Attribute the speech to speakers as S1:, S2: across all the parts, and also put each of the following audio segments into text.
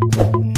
S1: ¡Gracias!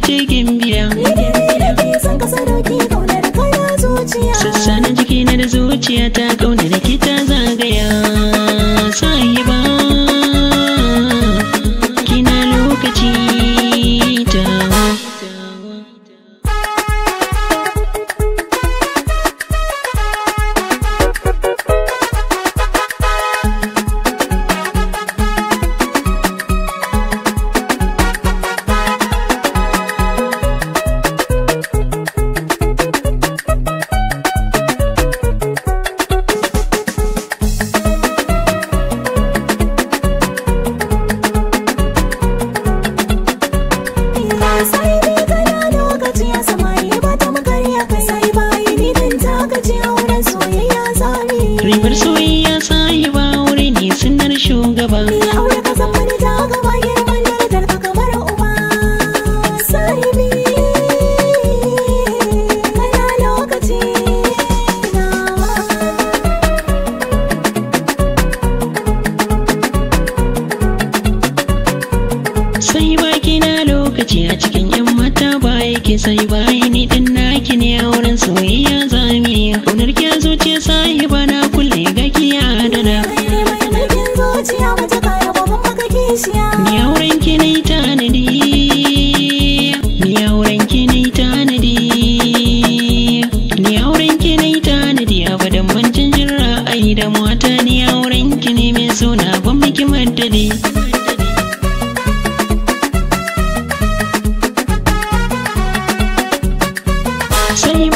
S1: ki cikin biya sassa na jiki na da zuciya ta ce a cikin yan mata ba yake sai ba ni din naki ne a wurin soyayya zami unar ke zuciya sahiba na kulle gaki ya adana ni auren ki ne tanadi ni auren ki ne tanadi ni auren ki ne di abadan man canjin ra'ayi da mata ni auren ki ne mai suna gwamnati madadi Shame